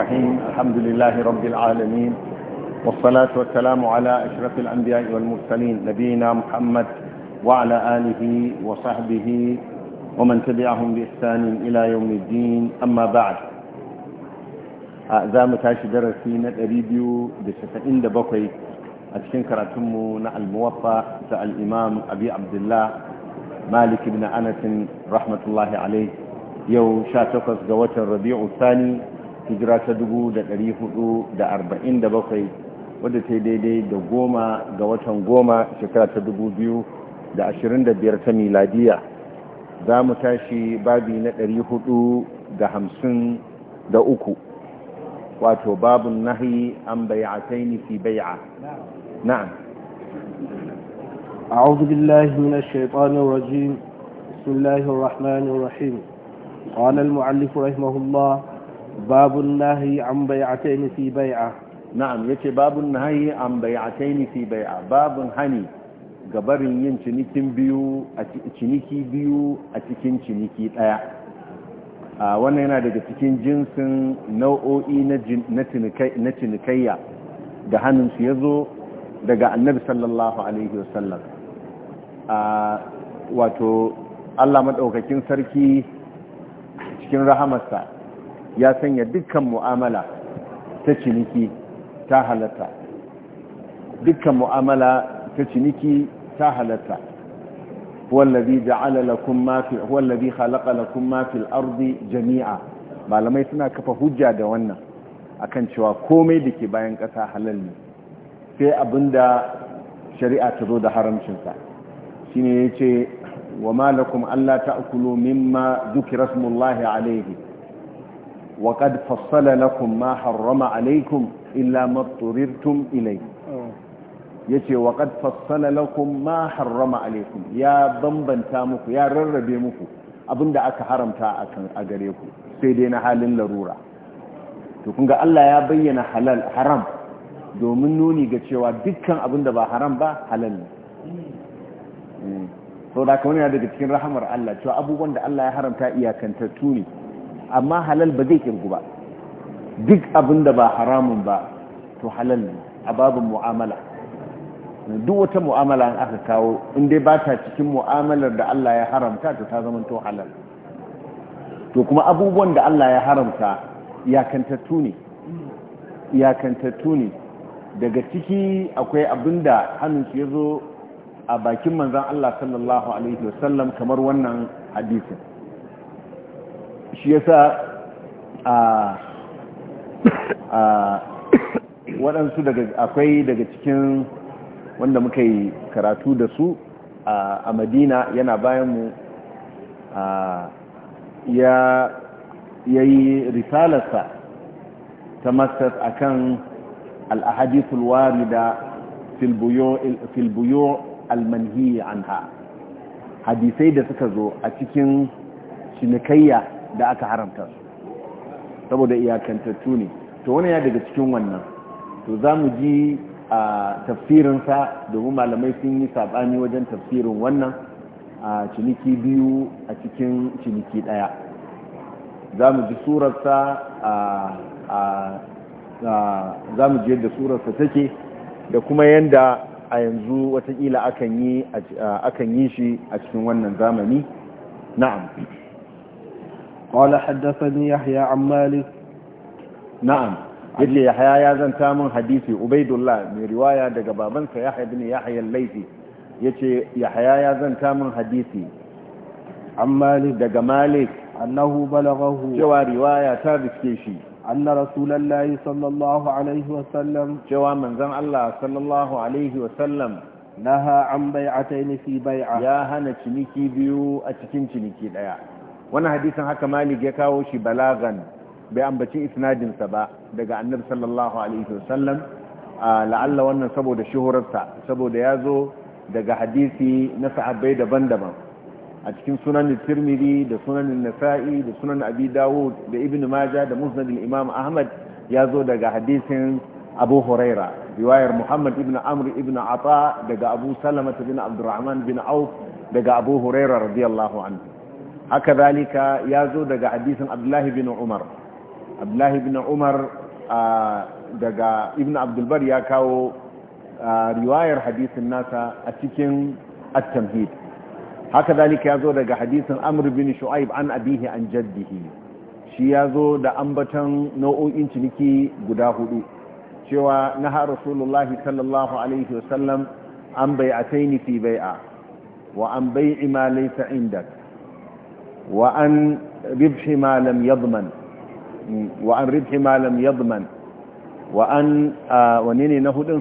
الرحيم الحمد لله رب العالمين والصلاة والسلام على أشرف الأنبياء والمرسلين نبينا محمد وعلى آله وصحبه ومن تبعهم بإحسان إلى يوم الدين أما بعد أعزام تاشي درسينا الريديو بشتئين دبقي أتشنكر أتمنا الموفى الإمام أبي عبد الله مالك بن أنس رحمة الله عليه يو شاتوكس جواتر ربيع الثاني hijira ta 447 wadda ta daidai da goma ga watan goma shekara ta 2025 ta miladiya za mu tashi babi na 453 wato babun nahi an bai'ataini fi bai'a na'am أعوذ بالله من الشيطان الرجيم بسم الله الرحمن الرحيم قال المعلف رحمه الله babun nahi an bai'ataini fi bai'a na'am yace babun nahi an bai'ataini fi bai'a babun hani ga barin yin cinikin biyu a ciniki biyu a cikin ciniki daya a wannan yana daga cikin jinsin nau'o'i na cinikayya da hannunsu ya zo daga annabi sallallahu alaihi wasallam a wato allah maɗaukakin sarki cikin rahamarsa ya sanya dukkan mu'amala ta ciniki ta halatta dukkan mu'amala ta ciniki ta halatta wallazi ja'ala lakum ma fi wallazi khalaqa lakum ma fil ardi jami'a malamai suna kafa hujja da wannan akan cewa komai dake bayan ƙasa halal ne sai abinda shari'a ta zo da haramcin sa shine yace wa malakum alla ta'kulu mimma dhukira smullahi alayhi وقد فصل لكم ما حرم عليكم إلا ما اضطررتم إليه yace wa qad fassala lakum ma harrama alaikum ya bambanta muku ya rarrabe muku abinda aka haramta akan a gare ku sai dai na halin larura to kun ga Allah ya bayyana halal haram domin nuni ga cewa dukkan abinda ba haram ba halal ne so da kawai daga cikin rahamar Allah cewa abubuwan da Allah ya haramta iyakantattu ne amma halal ba zai kirgu ba duk abin da ba haramun ba to halal ne a babin mu'amala duk wata mu'amala an aka kawo inda ba ta cikin mu'amalar da Allah ya haramta ta ta zama to halal to kuma abubuwan da Allah ya haramta iyakantattu ne iyakantattu ne daga ciki akwai abin da hannunsu ya zo a bakin manzan Allah sallallahu Alaihi wasallam kamar wannan hadisun shi yasa a waɗansu daga akwai daga cikin wanda muka yi karatu da su a madina yana bayan mu ya yi risalarsa ta masters akan al-ahadithul da filbuyo almanhi anha hadisai da suka zo a cikin shinikayya. da aka haramta su saboda iyakantattu ne to wani ya daga cikin wannan to za mu ji a tafsirinsa domin malamai sun yi saɓani wajen tafsirin wannan a ciniki biyu a cikin ciniki ɗaya za mu ji surarsa a za mu ji yadda surarsa take da kuma yadda a yanzu watakila akan yi shi a cikin wannan zamani na'am قال حدثني يحيى عن مالك نعم yace yahya ya zanta min hadisi ubaidullah mai riwaya daga babansa yahya bin yahya al-laifi yace yahya ya zanta min hadisi an malik daga malik annahu balaghahu cewa riwaya ta riske shi anna sallallahu alaihi wa sallam cewa manzon Allah sallallahu alaihi wa sallam naha an bai'atayn fi bai'a ya hana ciniki biyu a cikin ciniki ɗaya. wani hadisin haka malik ya kawo shi balagan bai ambaci isnadinsa ba daga annabi sallallahu alaihi wasallam la'alla wannan saboda shuhurarsa saboda ya zo daga hadisi na sahabbai daban-daban a cikin sunan tirmidhi da sunan nasa'i da sunan abi dawud da ibn maja da musnad imam ahmad ya zo daga hadisin abu huraira riwayar muhammad ibn amr ibn ata daga abu salama bin abdurrahman bin auf daga abu huraira radiyallahu anhu haka zalika ya zo daga hadisin abdullahi bin umar abdullahi bin umar daga ibn abdulbar ya kawo riwayar hadisin nasa a cikin at-tamhid haka zalika ya zo daga hadisin amr bin shu'aib an abihi an jaddihi shi ya zo da ambaton nau'o'in ciniki guda hudu cewa na ha rasulullahi sallallahu alaihi wasallam an bai'ataini fi bai'a wa an bai'i ma laysa indaka وعن ربح ما لم يضمن وعن ربح ما لم يضمن وعن ونيني نهد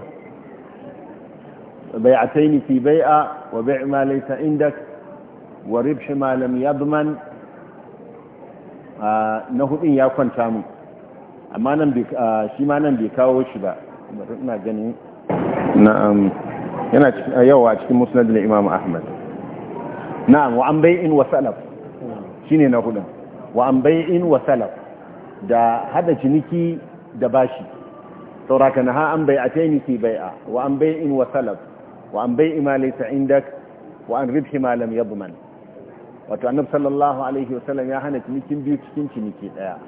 بيعتين في بيعة وبيع ما ليس عندك وربح ما لم يضمن نهد يا كنتامو amma shi ma nan bai kawo shi ba ina gani na'am yana yawa cikin musnad da imam ahmad na'am wa an bai'in wa shine na hudun wa an bai'in wa salaf da hada ciniki da bashi sauraka na ha an bai'ataini fi bai'a wa an bai'in wa salaf wa an bai'i ma laysa indak wa an ribhi ma lam yadman wato annab sallallahu alaihi sallam ya hana cinikin biyu cikin ciniki daya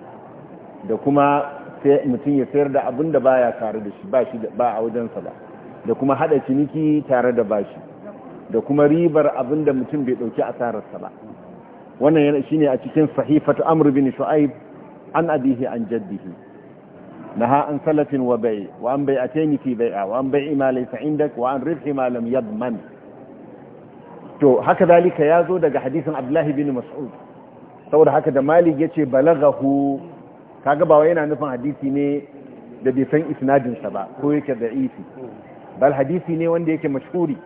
da kuma mutum ya sayar da abin da baya tare da shi ba da ba a wajensa ba da kuma hada ciniki tare da bashi da kuma ribar abin da mutum bai dauki asararsa ba wannan yana shine a cikin sahifatu amr bin shu'aib an abihi an jaddihi naha an salatin wa bai wa an bai ataini fi bai'a wa an bai ma laysa indak wa an rifi ma lam yadman to haka dalika yazo daga hadisin abdullahi bin mas'ud saboda haka da malik yace balaghahu kaga ba wai yana nufin hadisi ne da bai san isnadin sa ba ko yake da'ifi bal hadisi ne wanda yake mashhuri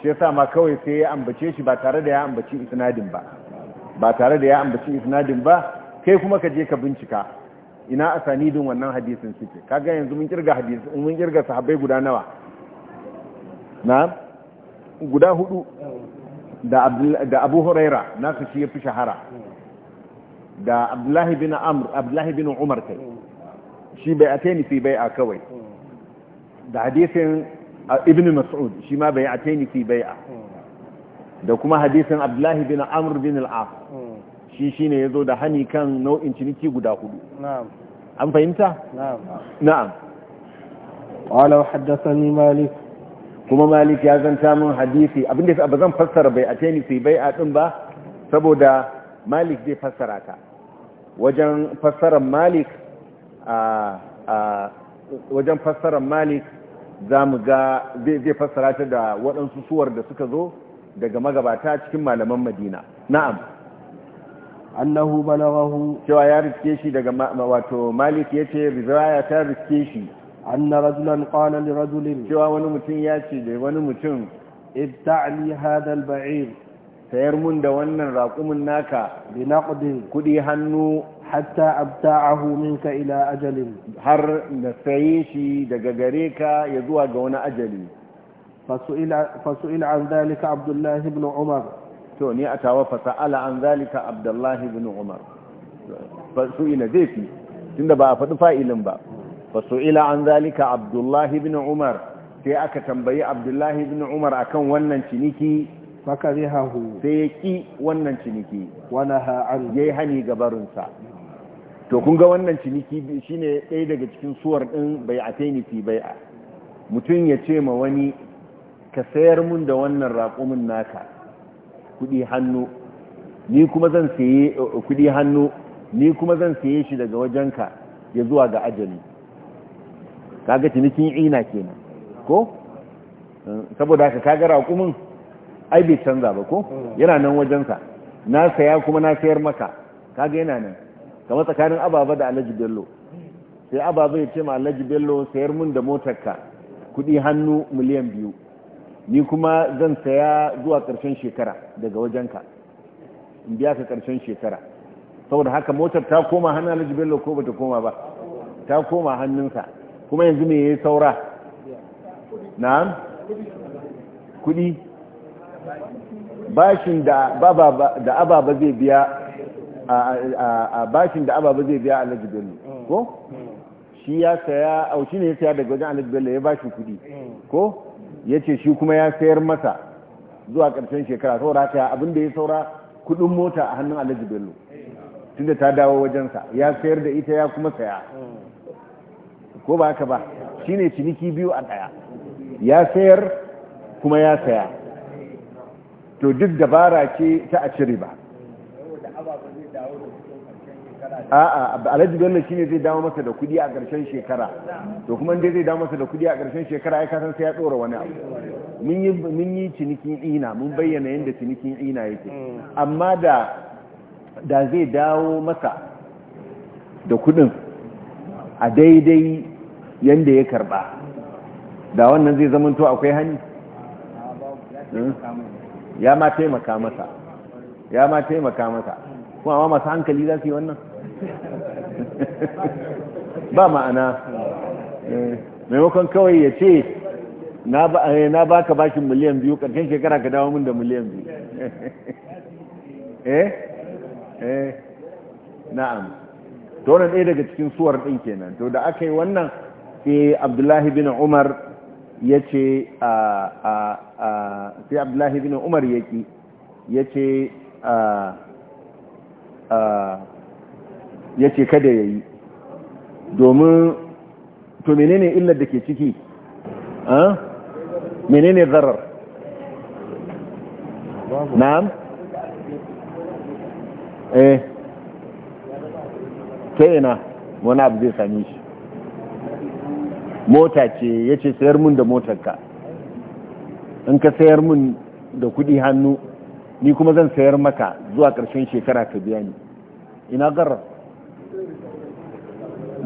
shi yasa ma kawai sai ya ambace shi ba tare da ya ambaci isnadin ba ba tare da ya ambaci isnadin ba kai kuma ka je ka bincika ina asanidin wannan hadisin suke kaga yanzu mun kirga hadisi mun kirga sahabbai guda nawa na guda hudu da da Abu Huraira na su shi yafi shahara da Abdullahi bin Amr Abdullahi bin Umar kai shi bai a fi bai a kawai da hadisin Ibn Mas'ud shi ma bai a ateni fi bai'a da kuma hadisin abdullahi bin Amur bin al'af shi shi ne ya zo da hani kan nau'in ciniki guda hudu an fahimta? na'am wala haddasani malik kuma malik ya zanta min hadisi abinda ya ba zan fassara bai a teni sai bai a ɗin ba saboda malik zai fassara ta wajen fassarar malik wajen fassarar malik za mu ga zai fassara ta da waɗansu suwar da suka zo daga magabata cikin malaman madina na'am annahu balaghahu cewa ya riske shi daga wato malik yace riwaya ta riske shi anna rajulan qala li rajulin cewa wani mutum ya ce da wani mutum ibta'li hadha al-ba'ir sayar mun da wannan raƙumin naka bi naqdin kudi hannu hatta abta'ahu minka ila ajalin har na saye shi daga gare ka ya zuwa ga wani ajali فسئل عن ذلك عبد الله بن عمر to ni a tawa fasa'ala an zalika abdullahi bin umar fasu'ila zai fi tunda ba a faɗi fa'ilin ba fasu'ila an zalika abdullahi bin umar sai aka tambayi abdullahi bin umar akan wannan ciniki fakarihahu sai ya ki wannan ciniki wanaha an yayi hani gabarinsa to kun ga wannan ciniki shine ɗaya daga cikin suwar ɗin bai a tainifi bai a mutum ya ce ma wani ka sayar mun da wannan raƙumin naka kudi hannu ni kuma zan saye eh, kudi hannu ni kuma zan saye shi daga wajenka ya zuwa ga ajali kaga cinikin ina kenan ko saboda haka kaga raƙumin ai bai canza ba ko yana nan wajensa na saya kuma na sayar maka kaga yana nan kamar tsakanin ababa da alhaji bello sai ababa ya ce ma alhaji bello sayar mun da motarka kudi hannu miliyan biyu ni kuma zan saya zuwa ƙarshen shekara daga wajenka in biya ka ƙarshen shekara saboda haka motar ta koma hannun alhaji bello ko bata koma ba ta koma hannunsa kuma yanzu me ya saura na'am kudi bashin da ababa zai biya a bashin da ababa zai biya alhaji bello ko shi ya saya au shi ne ya saya daga wajen alhaji bello ya bashi kudi ko ya ce shi kuma ya sayar masa zuwa ƙarshen shekara saboda haka abin da ya saura kuɗin mota a hannun alhaji bello tunda ta dawo wajensa ya sayar da ita ya kuma saya ko ba haka ba shi ne ciniki biyu a ɗaya ya sayar kuma ya saya to duk dabara ce ta a ciri ba. a'a alhaji bello shine zai dawo masa da kudi a ƙarshen shekara to kuma dai zai dawo masa da kudi a ƙarshen shekara ai kasan sai ya tsora wani abu mun yi mun yi cinikin ina mun bayyana yadda cinikin ina yake mm. amma da da zai dawo masa da kudin a daidai yanda ya karba da wannan zai zama to akwai hani hmm? ya ma taimaka masa ya ma taimaka masa kuma ma masu hankali za su yi wannan ba ma'ana eh, maimakon kawai ya ce eh, na ba ka bashin miliyan biyu ƙarshen shekara ka dawo min da miliyan biyu eh eh na'am to wannan ɗaya daga cikin suwar ɗin kenan to da aka yi wannan sai abdullahi bin umar ya ce sai abdullahi bin umar ya ki ya ce ya ce kada ya yi domin to menene illar da ke ciki menene zarar na'am eh ta ina wani abu zai sami shi mota ce ya ce sayar mun da motarka in ka sayar mun da kudi hannu ni kuma zan sayar maka zuwa ƙarshen shekara ka biya ni ina garar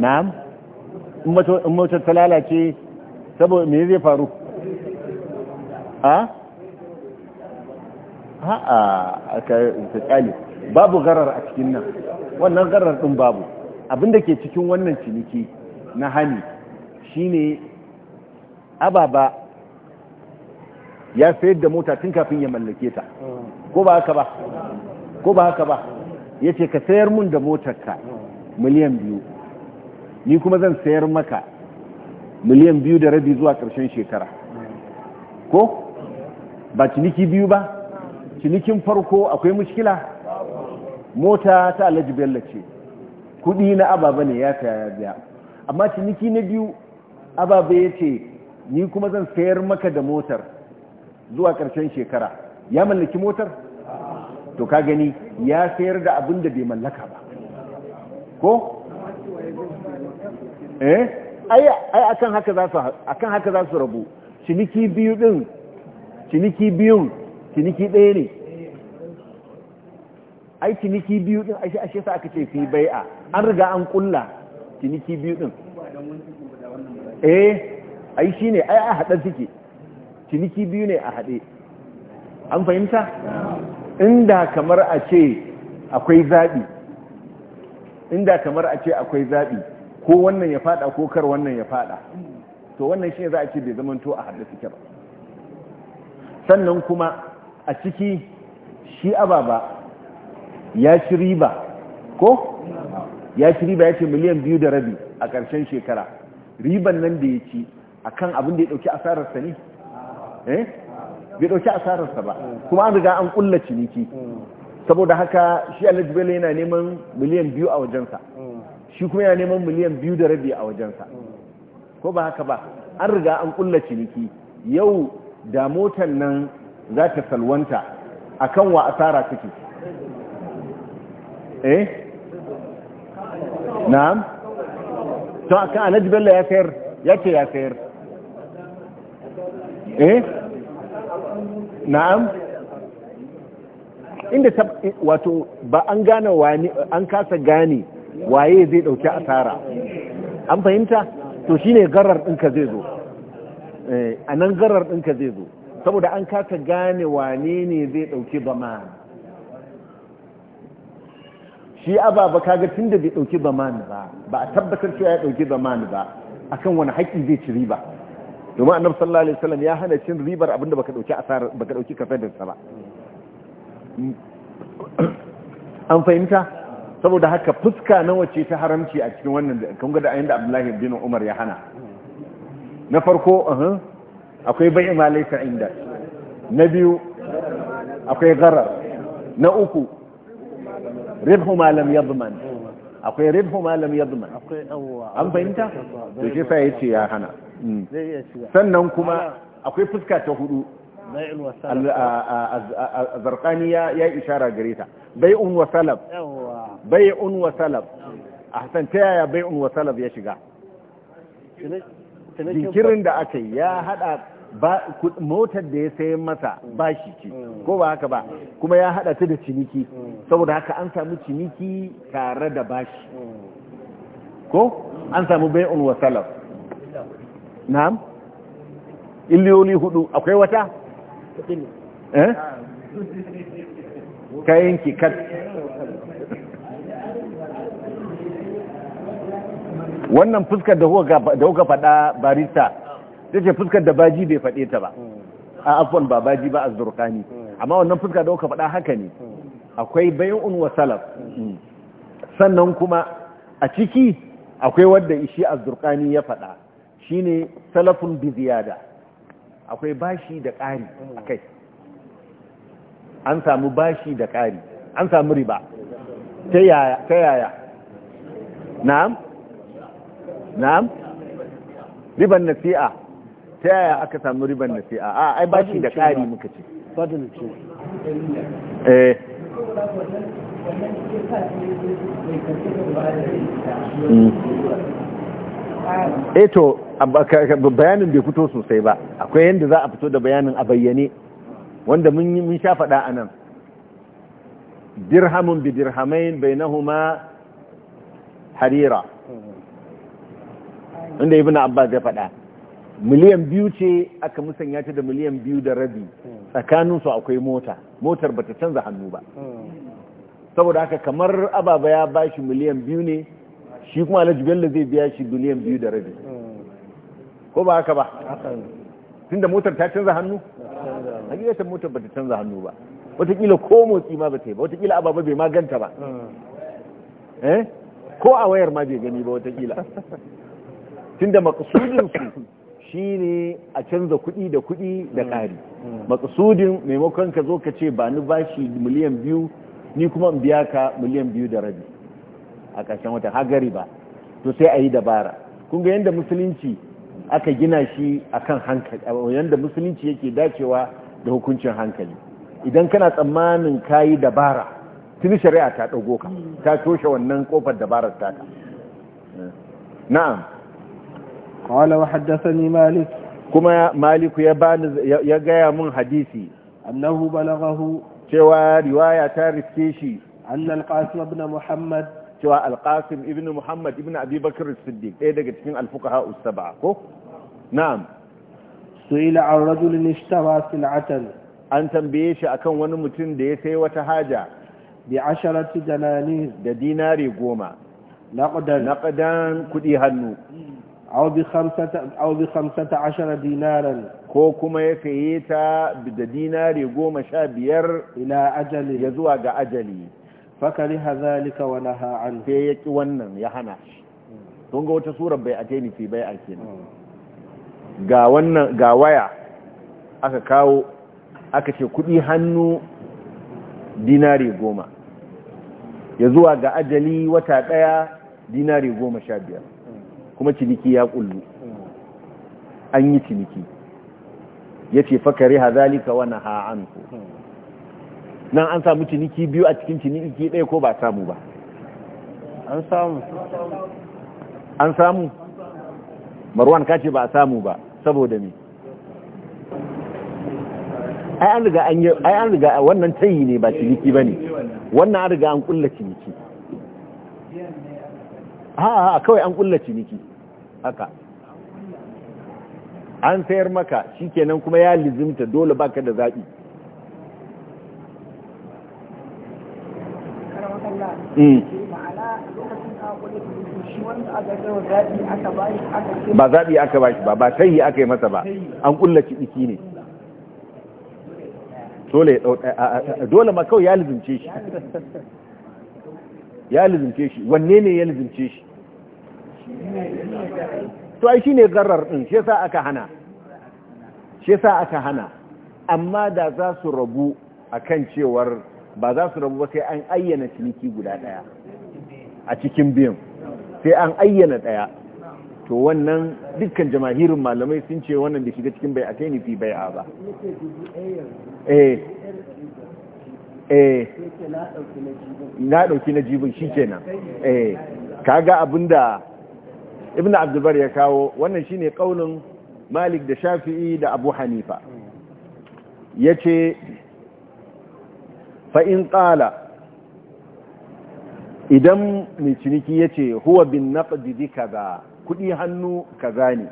na'am in motar ta lalace saboda me zai faru ha ha a tsakali babu garar a cikin nan wannan garar din babu abinda ke cikin wannan ciniki na hani shine ababa ya sayar da mota tun kafin ya mallake ta ko ba haka ba ko ba haka ba yace ka sayar mun da motar ka miliyan biyu ni kuma zan sayar maka miliyan biyu da rabi zuwa ƙarshen shekara ko ba ciniki biyu ba cinikin farko akwai mushkila mota ta alhaji bello ce kudi na ababa ne ya saya ya biya amma ciniki na biyu ababa ya ce ni kuma zan sayar maka da motar zuwa ƙarshen shekara ya mallaki motar to ka gani ya sayar da abin da bai mallaka ba ko eh ai akan haka za su haka za su rabu ciniki biyu din ciniki biyun ciniki ɗaya ne ai ciniki biyu din ashe ashe sa aka ce fi bai'a an riga an kulla ciniki biyu din eh ai ne ai a haɗa suke ciniki biyu ne a haɗe an fahimta inda kamar a ce akwai zaɓi. inda kamar a ce akwai zaɓi ko wannan ya fada ko kar wannan ya fada to wannan shi ne za a ce bai to a haɗe ke ba sannan kuma a ciki shi ababa ya shi riba ko ya shi riba ya ce miliyan biyu da rabi a ƙarshen shekara riban nan da ya ci a kan abin da ya ɗauki asararsa ne eh? bai ɗauki asararsa ba kuma an riga an ƙulla ciniki saboda haka shi alajibela bello yana neman miliyan biyu a wajensa shi kuma yana neman miliyan biyu da rabi a wajensa ko ba haka ba an riga an kulla ciniki yau da motan nan za ta salwanta a kan wa asara suke. eh na'am to a kan alhaji bello ya sayar ya ce ya sayar eh na'am inda wato ba an gane wani an kasa gane waye zai ɗauki asara an fahimta to shine garar ɗinka zai zo eh, a nan garar ɗinka zai zo saboda an kasa gane wane ne zai ɗauki baman shi ababa kaga tun da bai ɗauki baman ba ba a tabbatar cewa ya ɗauki baman ba akan wani haƙƙi zai ci riba domin annabi sallallahu alaihi wasallam ya hana cin ribar abinda baka ɗauki asara, baka ɗauki kasadin sa ba an fahimta saboda haka fuska nawa ce ta haramci a cikin wannan da kan gada da ayin da abdullahi bin umar ya hana na farko uh-huh, akwai bai ma laisa inda na biyu akwai gharar na uku ribhu ma lam yadman akwai ribhu ma lam yadman an fahimta to shi ya ce ya hana mm. sannan kuma akwai fuska ta hudu zarkani ya ishara gareta ta bai'un wa salab bai'un wa salab ta yaya bai'un wa salab ya shiga jinkirin da aka yi ya hada motar da ya sai masa bashi ce hmm. ko ba haka ba kuma ya hada ta da ciniki hmm. saboda haka an samu ciniki tare da bashi hmm. ko an samu bai'un wa salaf na'am illiyoli hudu akwai wata eh ki kat wannan fuskar da kuka faɗa barista ta ce fuskar da baji bai faɗe ta ba a afon ba baji ba a zurkani amma wannan fuskar da kuka faɗa haka ne akwai bayan unwa salaf mm. sannan kuma a ciki akwai wadda ishi a zurkani ya faɗa shine salafun bi ziyada akwai bashi da ƙari a kai an samu bashi da ƙari an samu riba ta yaya na'am na'am riban nasi'a ta yaya aka samu riban nasi'a a ai bashi da ƙari muka ce eh mm. eto eh bayanin bai fito sosai ba akwai yadda za a fito da bayanin a bayyane wanda mun sha faɗa a nan dirhamun bi dirhamain ma harira inda ibn abba zai faɗa miliyan biyu ce aka musanya ta da miliyan biyu da rabi tsakanin su akwai mota motar bata canza hannu ba hmm. saboda haka kamar ababa ya bashi miliyan biyu ne shi kuma alhaji bello zai biya shi duniyan biyu da rabi ko ba haka ba tunda motar ta canza hannu hakikatar motar ba ta canza hannu ba watakila ko motsi ma ba ta yi ba watakila ababa bai maganta ba hmm. eh? ko a wayar ma bai gani ba watakila tunda makasudinsu shi ne a canza kuɗi da kuɗi da hmm. ƙari hmm. makasudin maimakon ka zo ka ce ba ni bashi miliyan biyu ni kuma biya ka miliyan biyu da rabi a ƙarshen wata hagari ba to sai a yi dabara kun ga yadda musulunci aka gina shi a kan hankali yadda musulunci yake dacewa da hukuncin hankali idan kana tsammanin ka yi dabara tuni shari'a ta ɗago ka ta toshe wannan ƙofar dabarar ta ka na'am قال kuma malik. ya bani ya gaya mun hadisi. annahu بلغه cewa riwaya ta riske shi annal qasim ibn muhammad cewa alqasim ibn muhammad ibn abubakar siddiq ɗaya daga cikin alfuqaha usaba ko na'am su'ila an rajulin ishtara sil'atan an tambaye shi akan wani mutum da ya sai wata haja bi asharati dananis da dinari goma naqdan naqdan kudi hannu aw bi khamsata aw bi khamsata ashara dinaran ko kuma ya saye ta da dinari goma sha biyar ila ajali ya zuwa ga ajali Fakari hazalika wani naha an ya wannan ya hana shi don ga wata surar bai ate ni fi bai a kenan ga wannan ga waya aka kawo aka ce kudi hannu dinari goma ya zuwa ga ajali wata ɗaya dinari goma sha biyar kuma ciniki ya kullu an yi ciniki ya ce fakari hazalika wani ku. nan an samu ciniki biyu a cikin ciniki ɗaya ko ba samu ba an samu an samu marwan ka ce ba a samu ba saboda me ai an riga an yi ai an riga wannan tayi ne ba ciniki bane wannan an riga an kulla ciniki ha ha kawai an kulla ciniki haka an sayar maka shikenan kuma ya lizimta dole baka da zabi Mm. ba zaɓi aka ba shi ba ba yi aka yi masa ba an ƙulla ciki ne dole ma kawai ya lizince shi ya lizince shi wanne ne ya lizince shi to ai ne zarar ɗin shi sa aka hana shi sa aka hana amma da za su rabu a kan cewar ba za su rabu ba sai an ayyana ciniki guda daya a cikin biyun sai an ayyana daya to wannan dukkan jamahirin malamai sun ce wannan da shiga cikin bai a tainifi bai a ba eh. Eh. na dauki na jibin shi eh. ka ga kaga abinda ibn abdulbar ya kawo wannan shine ƙaunin malik da shafi'i da abu hanifa yace fa'in tsala, idan mai ciniki ya ce huwa bin naƙadi bi kaza kuɗi hannu kaza ne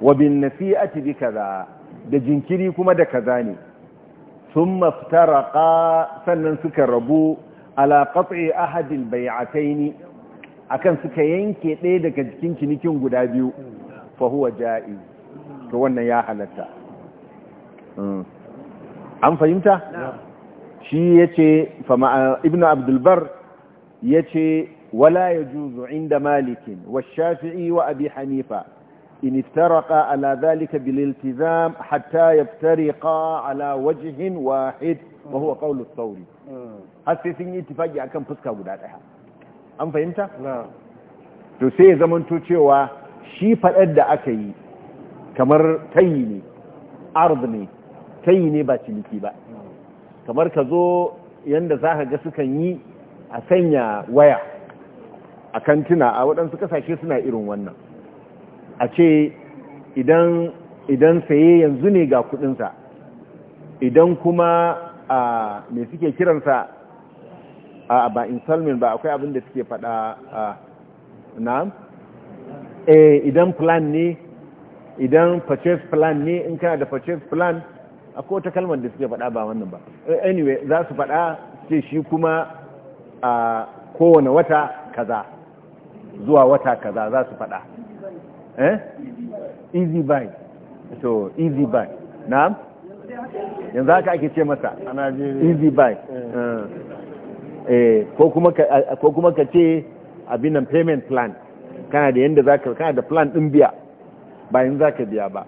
wa bin nafi'ati bi kaza da jinkiri kuma da kaza ne sun raƙa sannan suka rabu alaƙaɓe ahadin bai ni, a kan suka yanke ɗaya daga cikin cinikin guda biyu fahuwa ja'i to wannan ya halatta hmm. an fahimta? shi ya ce ibn abdulbar ya ce wala ya juzu inda malikin wa shafi'i wa abi hanifa in iftaraka ala zalika bililtizam hatta yaftarika ala wajihin wahid wa huwa qawlu sauri hmm. har sai sun yi ittifaki akan fuska guda daya an fahimta to sai ya zamanto cewa shi fadar da aka yi kamar tayi ard ne tayi ne ba ciniki ba kamar ka zo yadda za ka ga sukan yi a sanya waya a kantina a waɗansu kasashe suna irin wannan a ce idan saye yanzu ne ga kudinsa idan kuma a me suke kiransa a ba installment ba akwai abin da suke fada a na eh, idan plan ne idan purchase plan ne in kana da purchase plan ko wata kalmar da suke faɗa ba wannan ba anyway za su faɗa ce shi kuma a kowane wata kaza zuwa wata kaza za su faɗa eh easy buy so easy buy na'am yanzu haka ake ce masa easy buy eh, eh ko kuma ka ce abin nan payment plan kana da yadda za ka kana da plan din biya ba yanzu ka biya ba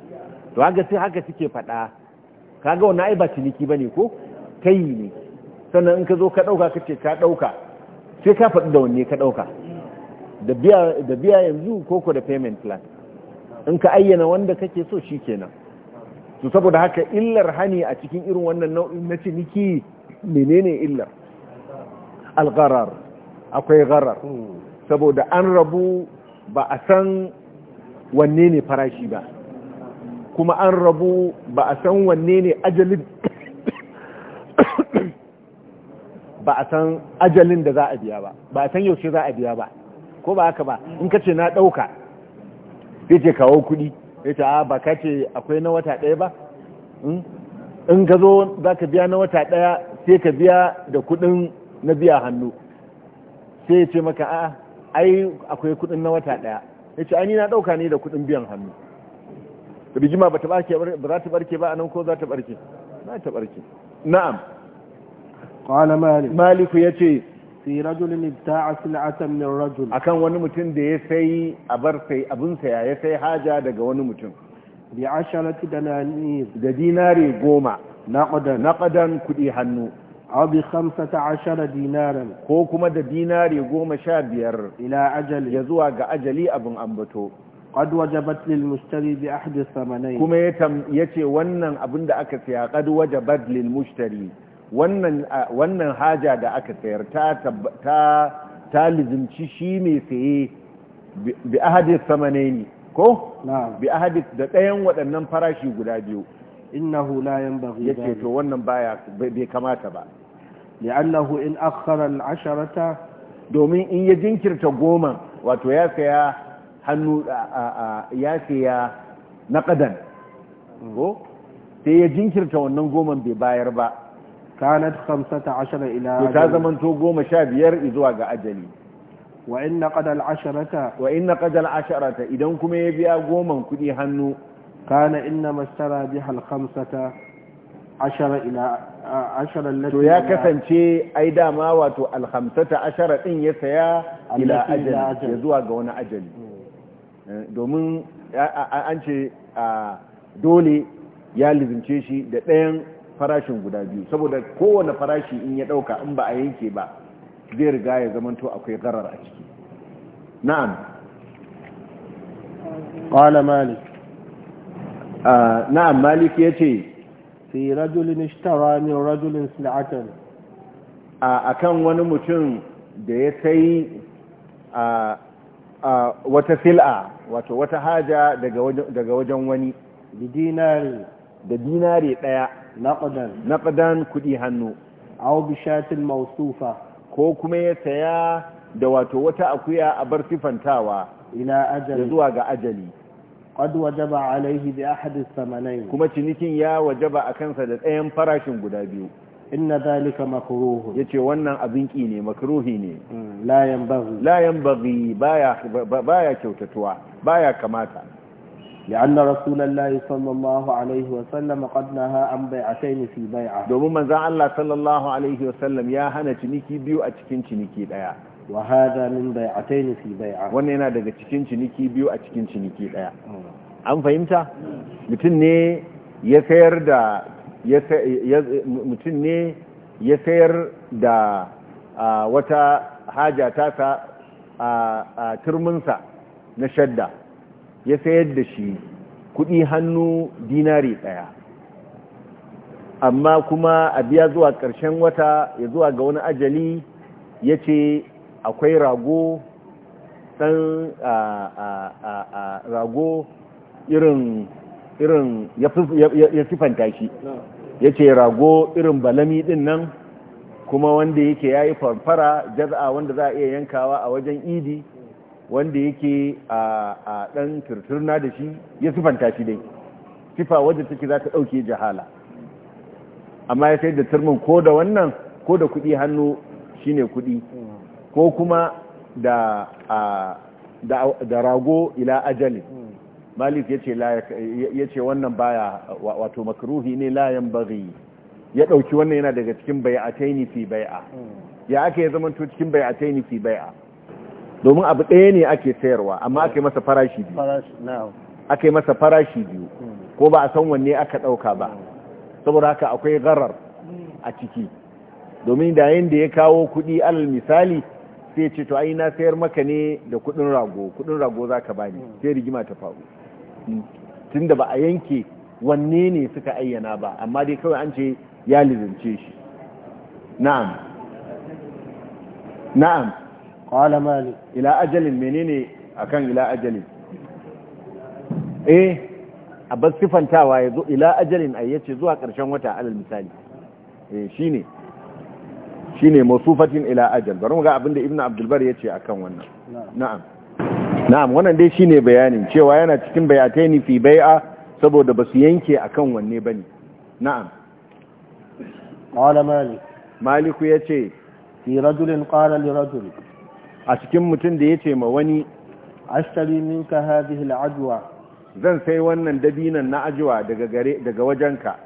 to haka sai haka suke faɗa kaga wannan ai ba ciniki bane ko kai ne sannan in ka zo ka dauka kace ka dauka sai ka faɗi da wanne ka dauka da biya da biya yanzu ko ko da payment plan in ka ayyana wanda kake so shikenan to saboda haka illar hani a cikin irin wannan nau'in na ciniki menene illar algharar akwai gharar hmm. saboda an rabu ba a san wanne ne farashi ba kuma an rabu ba a san wanne ne ajalin ba a san ajalin da za a biya ba ba a san yaushe za a biya ba ko ba haka ba in ka ce na ɗauka zai ce kawo kuɗi ya ce a ah, ba ka ce akwai na wata ɗaya ba hmm? in ka zo za ka biya na wata ɗaya sai ka biya da kuɗin na biya hannu sai ya ce maka a ah, ai akwai kuɗin na wata ɗaya ya ce ai ni na ɗauka ne da kuɗin biyan hannu rijima ba ta barke ba za ta barke ba anan ko za ta barke za ta barke na'am qala malik malik yace fi rajulin ibta'a sil'atan min rajul akan wani mutum da ya sai abar sai abun saya ya sai haja daga wani mutum bi asharati dananir da dinari goma naqadan naqadan kudi hannu aw bi 15 dinaran ko kuma da dinari goma sha biyar ila ajali ya zuwa ga ajali abin ambato qad wajabat lil mushtari bi ahdi thamanayn kuma ya ce wannan abin da aka saya qad wajabat lil wannan haja da aka sayar ta lizimci shi mai saye bi ahadi thamanayn ko bi ahadi da ɗayan waɗannan farashi guda biyu innahu la yanbaghi yace to wannan bai kamata ba li'annahu in akhara al-asharata domin in ya jinkirta goma wato ya saya hannu ya siya na ƙadan ko sai ya jinkirta wannan goman bai bayar ba kanat 15 ila ta zamanto goma sha biyar zuwa ga ajali wa inna qadal asharata wa idan kuma ya biya goman kudi hannu kana inna mastara bi al khamsata ila to ya kasance ai dama wato al khamsata ashara ɗin ya saya ila ajali ya zuwa ga wani ajali hmm. Eh, domin an ce dole ya lizince shi da ɗayan farashin guda biyu saboda kowane farashi in ya ɗauka in ba a yanke ba zai riga ya zamanto akwai garar a ciki na'am ƙwala malik na'am malik ya ce fi rajulin ishtara ne rajulin sil'atan a kan wani mutum da ya sai wata fil'a, wato wata haja daga wajen wani da dinari ɗaya. Na daya kuɗi hannu A mausufa shatin mausufa. ko kuma ya saya da wato wata akuya a bar sifantawa Ina ajali zuwa ga ajali qad wajaba alaihi bi ahad samanai kuma cinikin ya wajaba a kansa da ɗayan farashin guda biyu inna zalika makruh yace wannan abin ki ne makruhi ne hmm, la yanbaghi la yanbaghi baya baya kyautatuwa baya kamata لأن رسول الله صلى الله عليه وسلم قد نهى عن بيعتين في بيعة دومن منزا الله صلى الله عليه وسلم يا هنا ciniki biyu a cikin ciniki daya wa hada min bai'atayn fi bai'a wannan yana daga cikin ciniki biyu a cikin ciniki ɗaya. Hmm. an fahimta mutum ne ya sayar da mutum ne ya sayar da wata haja tasa a turminsa na shadda ya sayar da shi kudi hannu dinari daya amma kuma a biya zuwa ƙarshen wata ya zuwa ga wani ajali ya ce akwai rago ɗan rago irin ya sifanta shi ya rago irin balami din nan kuma wanda yake ya yi farfara jaza wanda za a iya yankawa a wajen idi wanda yake a ɗan turturna da shi ya sifanta shi dai sifa wadda take za ta ɗauke jahala amma ya sai da turmin ko da wannan ko da kuɗi hannu shine kuɗi ko kuma da rago ila ajali malik ya ce wannan baya wato makruhi ne layan bari ya dauki wannan yana daga cikin bai'ataini fi bai'a ya ake ya zama cikin bai'ataini fi bai'a domin abu daya ne ake sayarwa amma ake masa farashi biyu ake masa farashi biyu hmm. ko ba a san wanne aka dauka ba saboda haka akwai garar a ciki domin da da ya kawo kuɗi alal misali sai ce to ai na sayar maka ne da kuɗin rago kuɗin rago zaka ka bani hmm. sai rigima ta faru tunda ba a yanke wanne ne suka ayyana ba amma dai kawai an ce ya lizance shi na'am na'am ƙwala mali. ila ajalin menene akan ila ajalin eh a bas ya zo ila ajalin ayyace zuwa karshen wata alal misali eh ne masu masufatin ila ajal bari mu ga abinda Ibn abdul ya ce akan wannan na'am na'am wannan dai shine bayanin cewa yana cikin bayataini fi bai'a saboda basu yanke akan wanne bane na'am qala malik malik yace fi rajulin qala li rajul a cikin mutum da yace ma wani ashtari minka hadhihi al'ajwa zan sai wannan dabinan na ajwa daga gare daga wajenka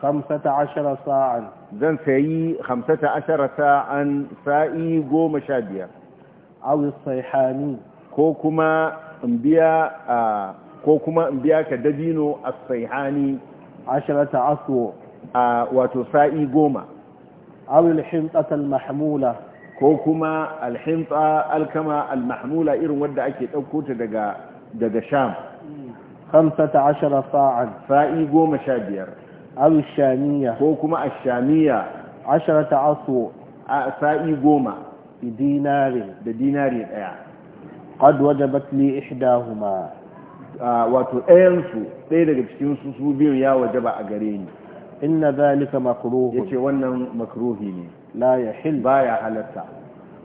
15 sa'an zan sayi 15 sa'an sa'i 15 aw as-sayhani ko kuma in biya ka dabino a saihani ashirata aswo a wato sa'i goma awil al mahmula ko kuma alhimtsa alkama almahmula irin wadda ake ɗaukota ta daga daga sham khamsata ashara sa'an sa'i goma sha biyar awi shamiya ko kuma shamiya. ashirata aswo a sa'i goma dinari da dinari daya قد وجبت لي ihdahuma wato ɗayan su ɗaya daga cikin su su biyun ya wajaba a gare ni inna zalika makruh yace wannan makruhi ne la yahil baya halatta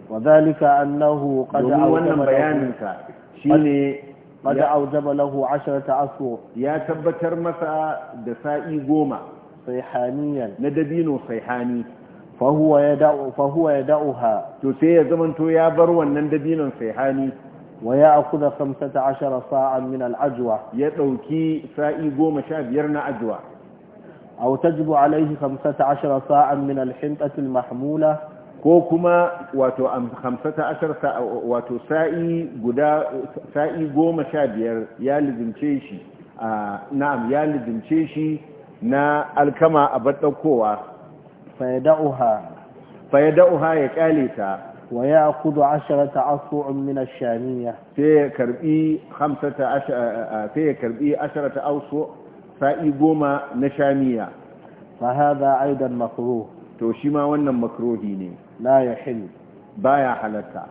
wa zalika annahu qad wannan bayanin sa shine قد أوجب له عشرة أسوأ يا تبتر مسا دسائي قوما صيحانيا ندبين صيحاني فهو يدع فهو يدعها تسي زمن تو يا صيحاني wa ya akuda khamsata ashara sa'an min al'ajwa ya ɗauki sa'i goma sha biyar na ajwa aw tajibu alaihi khamsata ashara sa'an min al-hintati mahmula ko kuma wato hamsata ashar wato sa'i guda sa'i goma sha biyar ya lizince shi na'am ya lizince shi na alkama a baɗakowa fayada'uha ya ƙyale ta wa ya kudu asharata asu'un min ash-shamiyya sai ya karbi khamsata ta ya asu sa'i goma na shamiya fa hadha aidan makruh to shi ma wannan makruhi ne la yahil baya halatta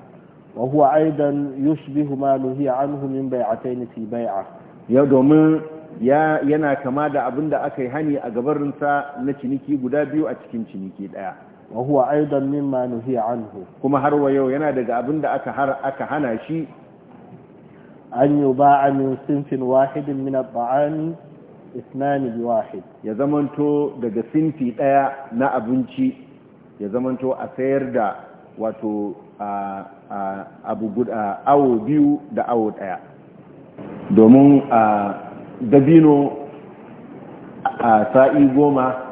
wa huwa aidan yushbihu ma nuhiya anhu min bai'atayn fi bai'a ya domin yana kama da abinda aka yi hani a gabarinsa na ciniki guda biyu a cikin ciniki daya wa huwa aidan mimma nuhi anhu kuma har wa yau yana daga abin da aka har aka hana shi an ba'a min sinfin wahidin min at-ta'ami bi wahid ya zamanto daga sinfi daya na abinci ya zamanto a sayar da wato abu guda awo biyu da awo daya domin a dabino a sa'i goma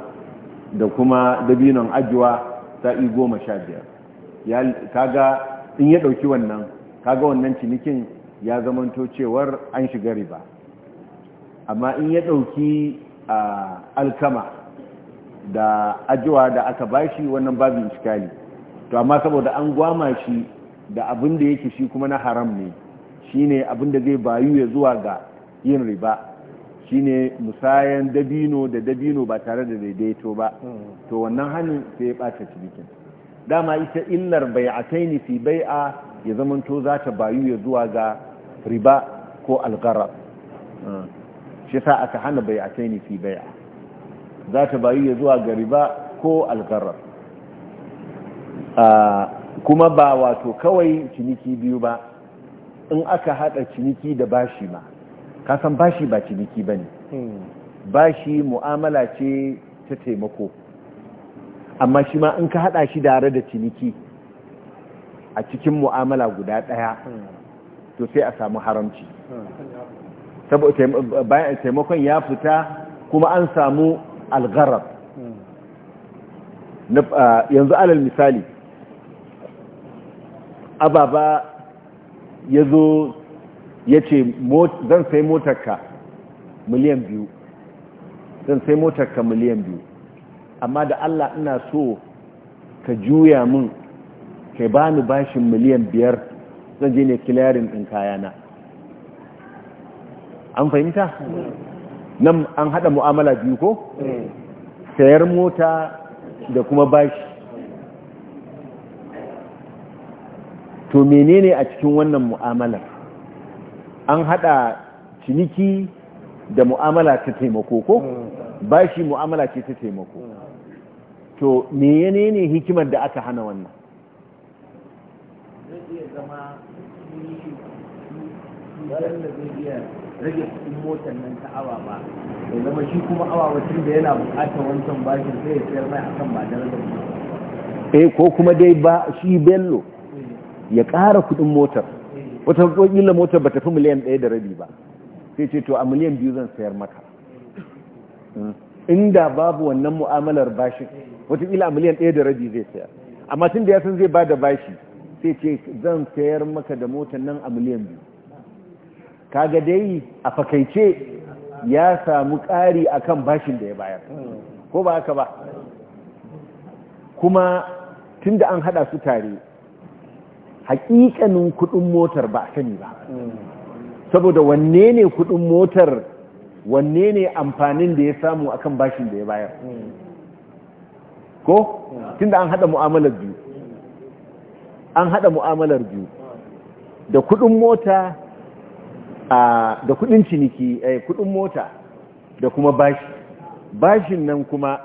da kuma dabinon ajiwa sa'i goma sha biyar kaga in ya ɗauki wannan kaga wannan cinikin ya zamanto cewar an shiga riba amma in ya ɗauki alkama da ajiwa da aka bashi wannan babu shikali to amma saboda an gwama shi da abin da yake shi kuma na haram ne shi ne abin da zai bayu ya zuwa ga yin riba shine musayan dabino da dabino ba tare da daidaito ba mm. to wannan hannun sai ya ɓata cinikin dama ita illar bai'ataini fi bai'a ya zamanto za ta bayu ya zuwa ga riba ko algarar mm. shi sa aka hana bai'ataini fi bai'a za ta bayu ya zuwa ga riba ko algarar ah, kuma ba wato kawai ciniki biyu ba in aka hada ciniki da bashi ma kasan bashi ba ciniki ba ne hmm. bashi mu'amala ce ta taimako amma shi ma in ka hada shi dare da ciniki a cikin mu'amala guda daya to sai a samu haramci saboda taimakon ya fita kuma an samu algarar yanzu alal misali ababa ya zo ya ce zan sai motarka miliyan biyu zan sai motarka miliyan biyu amma da Allah ina so ka juya min ka ba ni bashin miliyan biyar zan je ne kilarin ɗin kayana an fahimta? nan an haɗa mu'amala biyu ko? sayar mota da kuma bashi to menene a cikin wannan mu'amalar an hada ciniki da mu'amala ta taimako ko mm. bashi mu'amala ce ta taimako mm. to me ne hikimar da aka hana wannan rage cikin motar nan ta awa ba ya zama shi kuma awa wacin da yana bukatar wancan bashin sai ya sayar mai akan ba da rage eh ko kuma dai ba shi bello eh. ya ƙara kudin motar wata kila motar ba tafi miliyan ɗaya da rabi ba sai ce to a miliyan biyu zan sayar maka inda babu wannan mu'amalar bashin watakila a miliyan ɗaya da rabi zai sayar amma tun da ya san zai ba da bashi sai ce zan sayar maka da motar nan a miliyan biyu kaga dai a fakaice ya samu ƙari akan bashin da ya bayar ko ba haka ba kuma tun da an hada su tare hakikanin kudin motar ba a sani ba saboda wanne ne kudin motar wanne ne amfanin da ya samu akan bashin da ya bayar ko tunda an hada mu'amalar biyu an hada mu'amalar biyu da kudin mota da kudin ciniki eh, kudin mota da kuma bashi bashin nan kuma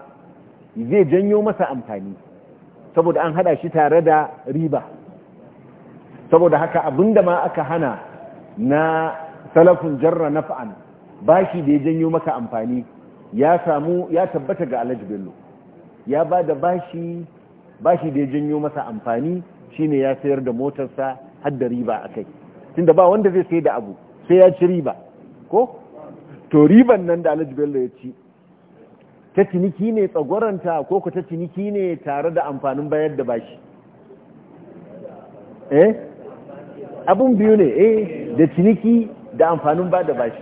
zai janyo masa amfani saboda an hada shi tare da riba saboda haka abinda ma aka hana na salafin jarra naf'an bashi da ya janyo maka amfani ya samu ya tabbata ga Alhaji Bello ya ba da bashi bashi da ya janyo masa amfani shine ya sayar da motarsa har da riba kai tunda ba wanda zai sayar da abu sai ya ci riba ko to riban nan da Alhaji Bello ya ci ta ciniki ne tsagwaranta ko ku ta ciniki ne tare da amfanin bayar da bashi eh abun biyu ne eh da ciniki da amfanin ba da bashi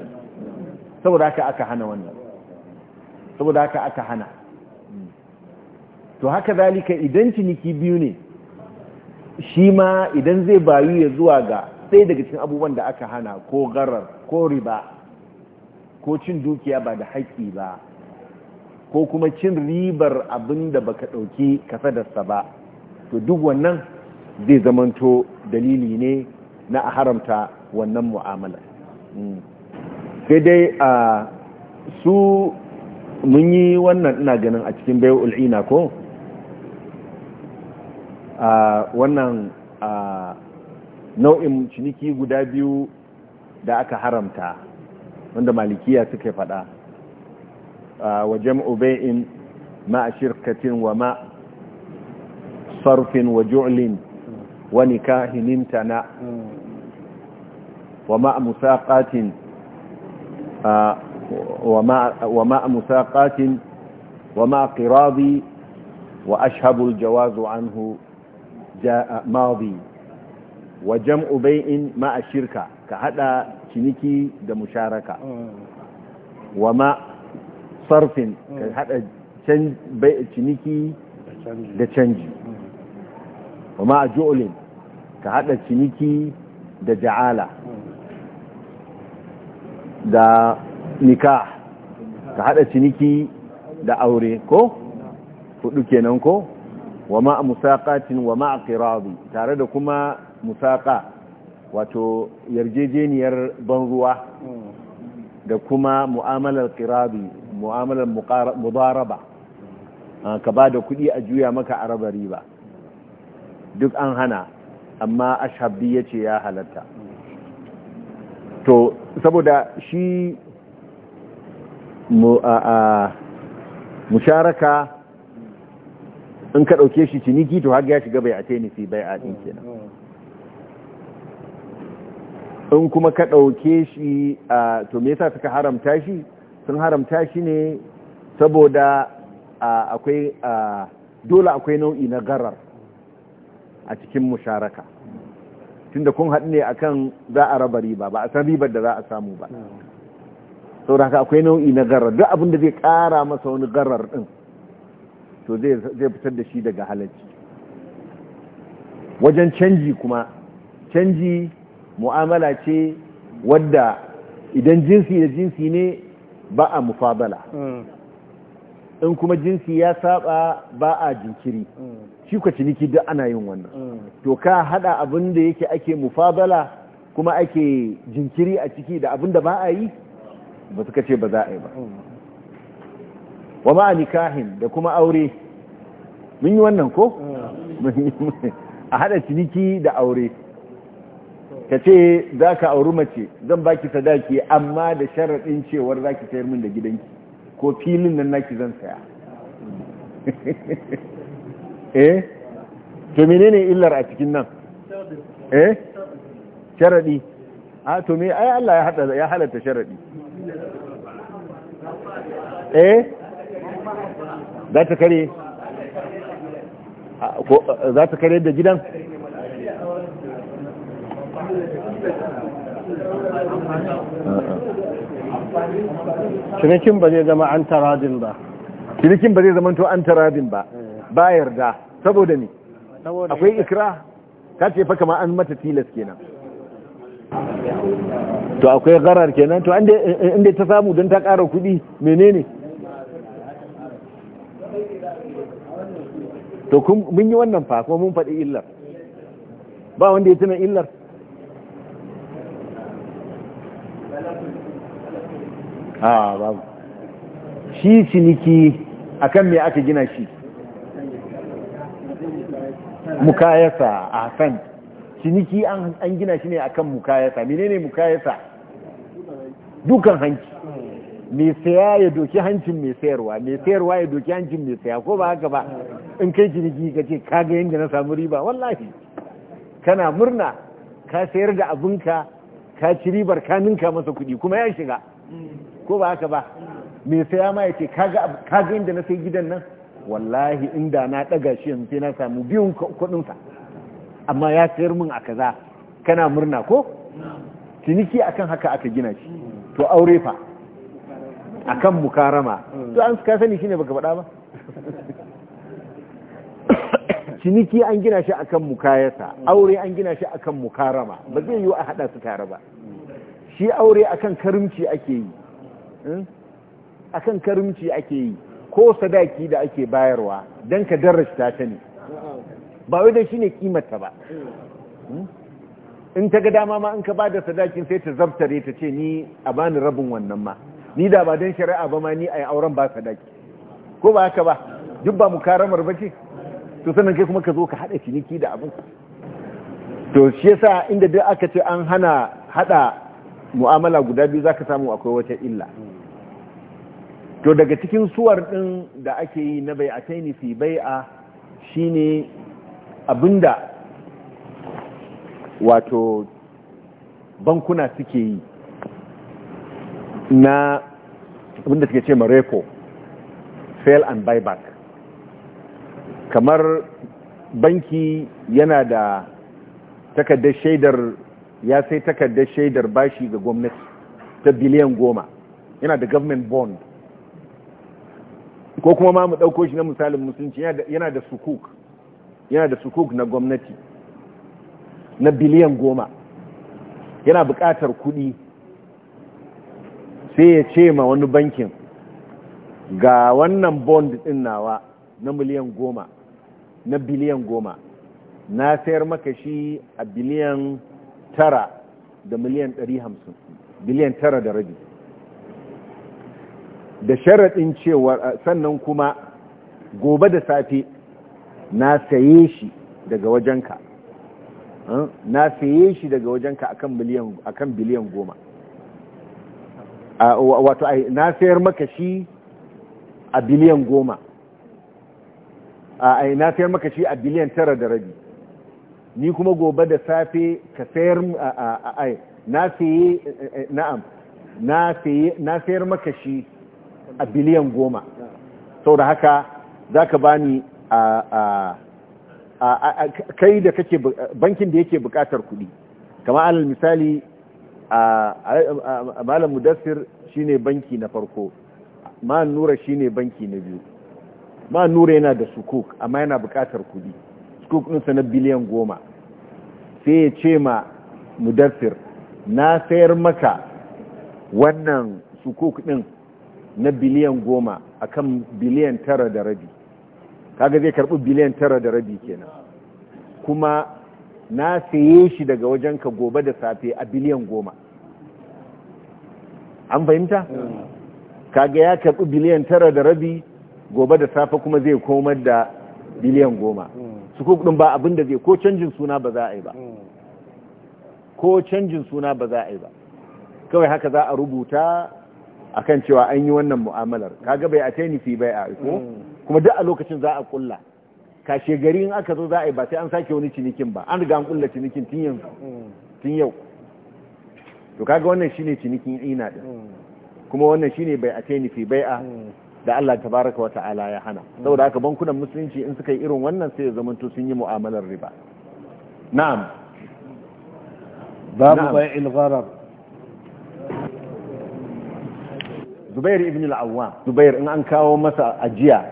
saboda haka aka hana wannan saboda haka aka hana to haka zalika idan ciniki biyu ne shi ma idan zai bayu ya zuwa ga ɗaya daga cikin abubuwan da aka hana ko garar ko riba ko cin dukiya ba da haƙƙi ba ko kuma cin ribar abin da baka ɗauki kasadarsa ba to duk wannan zai zamanto dalili ne na a haramta wannan mu'amala mm. sai dai a su mun yi wannan ina ganin a cikin bayan ul'ina ko a wannan a nau'in ciniki guda biyu da aka haramta wanda malikiya suka fada wa jam'u bai'in ma a shirkatin wa ma sarfin wa ju'lin wa nikahin imtana mm. آه، وماء مساقات وماء مساقات وماء قراضي وأشهب الجواز عنه جاء ماضي وجمع بيء مع الشركة كهذا تشنيكي ده مشاركة وما صرف كهذا تشنيكي ده شنجي وما جعل كهذا تشنيكي ده جعالة da nikah ka hada ciniki da aure ko hudu kenan ko wa ma musaqatin wa ma qiradi tare da kuma musaqa wato yarjejeniyar ban ruwa da kuma mu'amalar qiradi mu'amalar mudaraba ah, ka ba da kudi a juya maka arabari ba duk an hana amma ya ce ya halatta to saboda shi musharaka in ka ɗauke shi ciniki to har ya shiga bai a tenisi bai a ɗin kenan in kuma ka ɗauke shi to me yasa suka haramta shi sun haramta shi ne saboda akwai dole akwai nau'i na garar a cikin musharaka tunda kun haɗu ne akan za a raba riba ba a san ribar da za a samu ba saboda haka akwai nau'i na garar duk abinda da zai ƙara masa wani garar ɗin to zai fitar da shi daga halarci wajen canji kuma canji mu'amala ce wadda idan jinsi da jinsi ne ba a mufabala hmm. in kuma jinsi ya saba ba a jinkiri hmm. shi ku ciniki duk ana yin wannan to ka hada abin da yake ake mufabala kuma ake jinkiri a ciki da abin da ba a yi ba suka ce ba za a yi ba wa ma nikahin da kuma aure mun yi wannan ko a hada ciniki da aure ka ce za ka auri mace zan baki sadaki amma da sharaɗin cewar za ki sayar min da gidanki ko filin nan naki zan saya eh to menene illar a cikin nan eh sharadi a to me ai Allah ya hada ya halatta sharadi eh za ta kare za ta kare da gidan cinikin ba zai zama an taradin ba cinikin ba zai zama to an taradin ba ba yarda saboda ne akwai ikira ta ce fa kama an mata tilas kenan to akwai garar kenan to inda ta samu don ta ƙara kuɗi menene to mun yi wannan fa kuma mun faɗi illar ba wanda ya tuna illar a ah, babu shi ciniki akan me aka gina shi mukayasa a san ciniki an gina shi ne akan mukayasa menene mukayasa dukan hanci mai saya ya doki hancin mai sayarwa mai sayarwa ya doki hancin mai saya ko ba haka ba in kai ciniki ka ce kaga yadda na samu riba wallahi kana murna ka sayar da abinka ka ci ribar ka ninka masa kuɗi kuma ya shiga ko ba haka ba mai saya ma ya ce kaga inda na sai gidan nan wallahi inda na daga shi yanzu na samu biyun kudinsa amma ya sayar min a kaza kana murna ko ciniki akan haka aka gina shi to aure fa akan mukarama to an suka sani shine baka faɗa ba ciniki an gina shi akan mukayasa aure an gina shi akan mukarama ba zai yi a hada su tare ba shi aure akan karimci ake yi hmm? akan karimci ake yi ko sadaki da ake bayarwa don ka darasta ta ne ba wai shi ne kimata ba hmm? in ta ga dama ma in ka ba da sadakin sai ta zabtare ta ce ni a bani rabin wannan ma ni da ba don shari'a ba ma ni a yi auren ba sadaki ko ba haka ba duk ba mukaramar ba ce to sannan kai kuma ka zo ka haɗa ciniki da abin to shi yasa inda duk aka ce an hana haɗa mu'amala guda biyu za ka samu akwai wata illa to daga cikin suwar din da ake yi na bai a bai'ataini fi shi ne abinda wato bankuna suke yi na abinda suke ce mareko fail and buyback kamar banki yana da takardar shaidar ya sai takardar shaidar bashi ga gwamnati ta biliyan goma yana da government bond ko kuma ma mu ɗauko shi na misalin musulunci yana da sukuk yana da sukuk na gwamnati na biliyan goma yana buƙatar kuɗi sai ya ce ma wani bankin ga wannan bond ɗin nawa na miliyan goma na biliyan goma na sayar maka shi a biliyan tara da miliyan ɗari hamsin biliyan tara da rabi da sharaɗin cewa sannan kuma gobe da safe na saye shi daga wajenka na saye shi daga wajenka akan biliyan akan biliyan goma wato na sayar maka shi a biliyan goma a na sayar maka shi a biliyan tara da rabi ni kuma gobe da safe ka sayar na saye na'am na sayar maka shi a biliyan goma saboda haka za ka ba ni kai da kake bankin da yake bukatar kuɗi kama alal misali malam mudassir shine banki na farko ma'an nura shine banki na biyu ma'an nura yana da sukuk amma yana bukatar kuɗi sukuk ɗinsa na biliyan goma sai ya ce ma mudassir na sayar maka wannan sukuk ɗin na biliyan goma akan biliyan tara da rabi kaga zai karbi biliyan tara da rabi kenan kuma na saye shi daga wajen ka gobe da safe a biliyan goma an fahimta kaga ya karbi biliyan tara da rabi gobe da safe kuma zai komar da biliyan goma su kukudin ba abin da zai ko canjin suna ba za a yi ba ko canjin suna ba za a yi ba kawai haka za a rubuta akan cewa an yi wannan mu'amalar kaga bai a taini fi bai a ko mm. kuma duk a lokacin za a kulla kashe gari in aka zo za a yi ba sai an sake wani cinikin ba an riga an kulla cinikin tun yanzu mm. tun yau to kaga wannan shine cinikin ina din mm. kuma wannan shine bai a taini fi bai a da Allah tabaraka wa ta'ala ya hana saboda haka bankunan musulunci in suka yi irin wannan sai ya to sun yi mu'amalar riba na'am babu bai ilgharar zubairu ibn al-awwam zubair in an kawo masa ajiya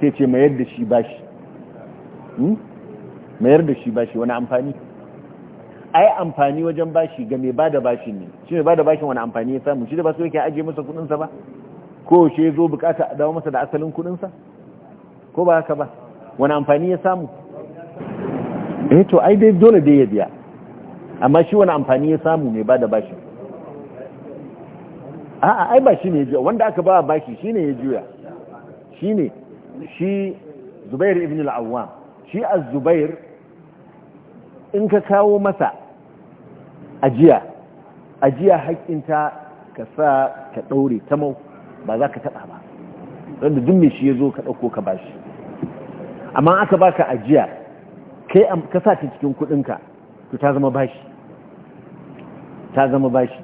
sai ce mayar da shi bashi hmm? mayar da shi bashi wani amfani ai amfani wajen bashi ga mai bada bashin ne shi mai bada bashin wani amfani ya samu shi da ba su yake ajiye masa kudinsa ba ko shi zo bukata a dawo masa da asalin kudinsa ko ba haka ba wani amfani ya samu eh to ai dai dole dai ya biya amma shi wani amfani ya samu mai bada bashin a'a ai ba shine ya juya wanda aka ba baki shine ya juya shine shi Zubair ibn al-Awwam shi az-Zubair in ka kawo masa ajiya ajiya haƙƙinta ka sa ka ɗaure ta mau ba za ka taɓa ba wanda duk mai shi ya zo ka ɗauko ka bashi amma aka baka ajiya kai ka sa ta cikin kuɗinka to ta zama bashi ta zama bashi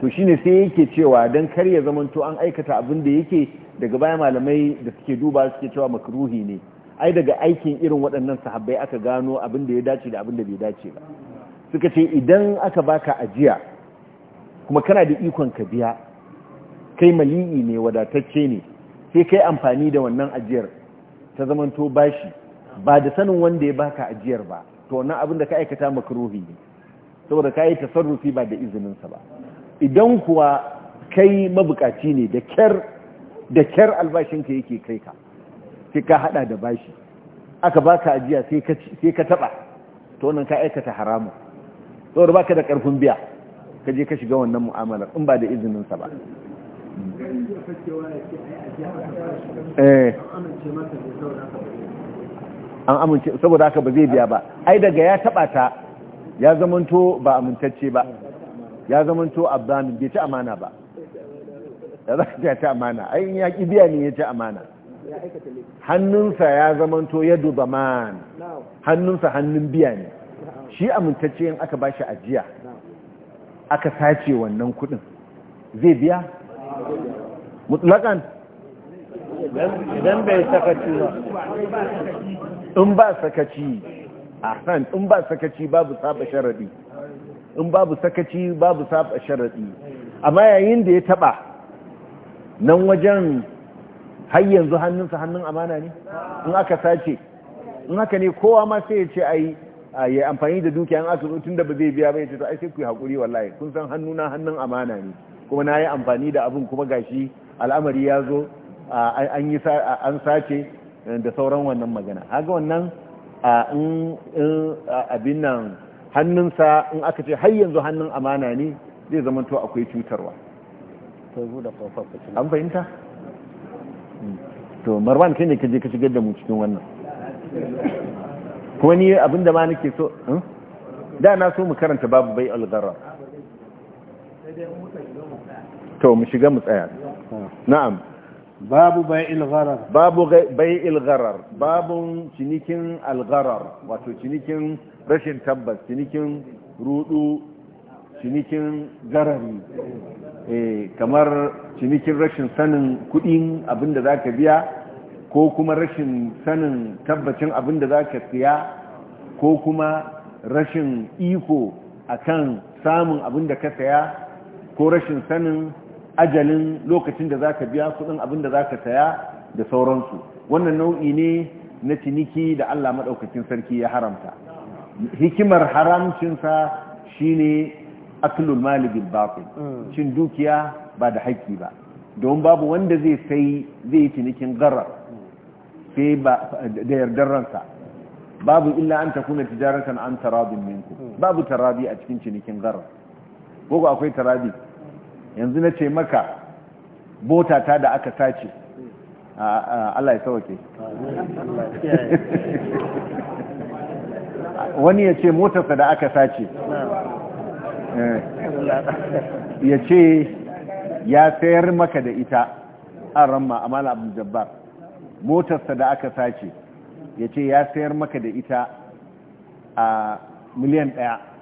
to shine sai yake cewa dan kar ya zamanto an aikata abin da yake daga baya malamai da suke duba suke cewa makruhi ne ai daga aikin irin waɗannan sahabbai aka gano abin da ya dace da abin da bai dace ba suka ce idan aka baka ajiya kuma kana da ikon ka biya kai mali'i ne wadatacce ne sai kai amfani da wannan ajiyar ta zamanto bashi ba da sanin wanda ya baka ajiyar ba to wannan abin da ka aikata makruhi ne saboda ka yi tasarrufi ba da izininsa ba idan kuwa kai mabukaci ne da kyar da kyar albashinka yake kai ka sai ka hada da bashi aka baka ajiya sai ka taba to wannan ka aikata haramun ba baka da karfin biya ka je ka shiga wannan mu'amalar in ba da izinin sa ba eh. an amince saboda haka ba zai biya ba ai daga ya taba ta ya zamanto ba amintacce ba ya zamanto abdani bai ci amana ba ya za ka ci amana ayin ya ƙi biya ne ya ci amana hannunsa ya zamanto ya duba man hannunsa hannun biya ne shi amintacce yin aka ba shi ajiya aka sace wannan kudin zai biya mutlakan idan bai sakaci ba in ba sakaci a in ba sakaci babu saba sharadi in babu sakaci babu saba sharaɗi amma yayin da ya taɓa nan wajen har yanzu hannunsa hannun amana ne in aka sace in haka ne kowa ma sai ya ce a yi amfani da dukiya in aka tun da ba zai biya ba ya ce ta ai sai ku yi haƙuri wallahi kun san hannuna hannun amana ne kuma na yi amfani da abin kuma gashi al'amari ya zo an sace eh, da sauran wannan magana haga wannan abin nan hannunsa in aka ce har yanzu hannun amana ne zai zamanto akwai cutarwa an fahimta to marwan kai ne ka je ka shigar da mu cikin wannan kuma ni abinda ma nake so hmm? da na so mu karanta babu bai algarra to mu shiga mu tsaya na'am babu bai'il gharar babu bai'il gharar babun cinikin algharar wato cinikin rashin tabbas cinikin rudu cinikin garari eh kamar cinikin rashin sanin kudin abinda zaka biya ko kuma rashin sanin tabbacin abinda zaka siya ko kuma rashin iko akan samun abinda ka saya ko rashin sanin ajalin lokacin da za ka biya kudin abin da za ka saya da sauransu wannan nau'i ne na ciniki da Allah madaukakin sarki ya haramta hikimar haramcinsa shine aklul mali bil batil mm. cin dukiya ba da haƙƙi ba don babu wanda zai sai zai yi cinikin garar sai da yardar ransa babu illa an takuna tijaratan an tarabin minku mm. babu tarabi a cikin cinikin garar ko akwai tarabi yanzu na ce maka bota ta da aka sace Allah ya sauke wani ya ce motarsa da aka sace ya ce ya sayar maka da ita an ramma a mala abin jabbar motarsa da aka sace ya ce ya sayar maka da ita a miliyan ɗaya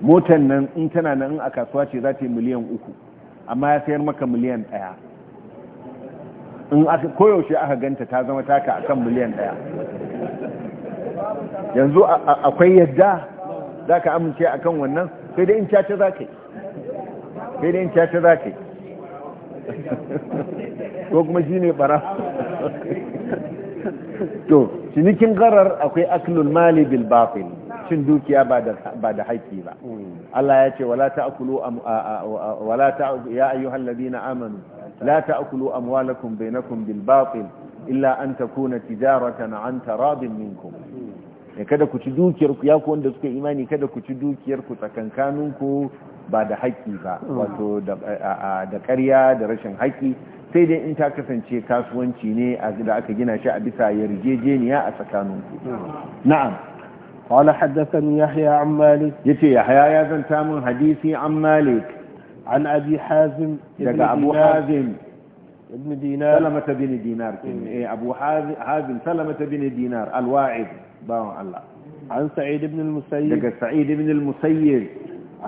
motan nan in tana nan in a kasuwa ce za ta yi miliyan uku amma ya sayar maka miliyan ɗaya in aka koyaushe aka ganta ta zama taka akan miliyan ɗaya yanzu akwai yadda za ka amince kan wannan sai dai in caca za ka yi sai dai in caca za ka yi ko kuma shi ne bara to cinikin garar akwai aklul mali bil batil cin dukiya ba da haƙƙi ba mm. Allah ya ce wala ta'kulu wala ta ya ayyuhal ladina amanu la ta'kulu amwalakum bainakum bil batil illa an takuna tijaratan an taradin minkum mm. kada ku ci dukiyar ku ya ku wanda suka imani kada ku ci dukiyar ku tsakankanin ku ba da haƙƙi ba mm. wato da ƙarya da rashin haƙƙi sai dai in ta kasance kasuwanci ne da aka gina shi a bisa yarjejeniya a tsakaninku na'am قال حدثني يحيى عن مالك يتي يحيى يا زنتام حديثي عن مالك عن أبي حازم ابن أبو حازم ابن دينار سلمة بن دينار إيه أبو حازم سلمة بن دينار الواعد باو الله عن سعيد بن المسيب دقى سعيد بن المسيب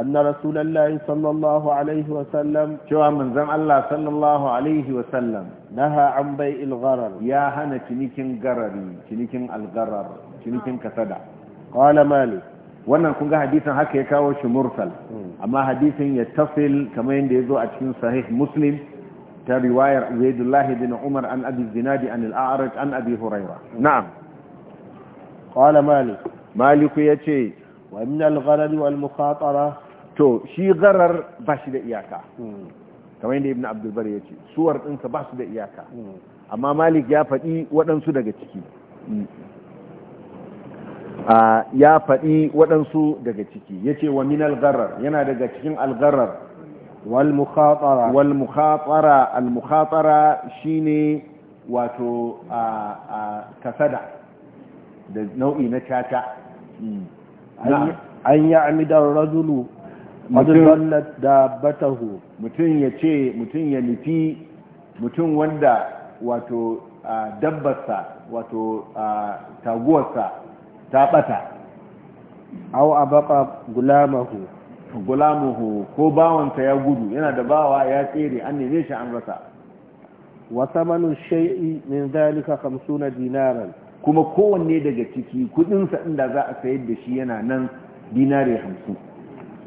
أن رسول الله صلى الله عليه وسلم شو من زم الله صلى الله عليه وسلم نهى عن بيع الغرر يا هنا تنيكن غرري تنيكن الغرر تنيكن كسدع قال مالك wannan kun ga hadisin haka ya kawo shi mursal amma hadisin ya tafil kamar yadda ya zo a cikin sahih muslim ta riwayar ubaidullah bin umar an abi zinadi an al'arat an abi huraira na'am qala malik maliku yace wa min al-gharar wal mukhatara to shi gharar ba shi da iyaka kamar yadda ibn abdul bari yace suwar ɗinsa ba su da iyaka hmm. amma malik ya faɗi waɗansu daga ciki ya faɗi waɗansu daga ciki ya ce wa min algarar yana daga cikin algarar walmukhatara almukhatara shi ne wato kasada da nau'i na caca hmm. an yi amidar rajulu madallar da batahu mutum ya ce mutum ya nufi mutum wanda wato dabbarsa wato taguwarsa ta bata aw abaka gulamahu gulamuhu ko bawansa ya gudu yana da bawa ya tsere an neme shi an rasa wa samanu shay'i min zalika 50 dinaran kuma kowanne daga ciki kudin sa inda za a sayar da shi yana nan dinari 50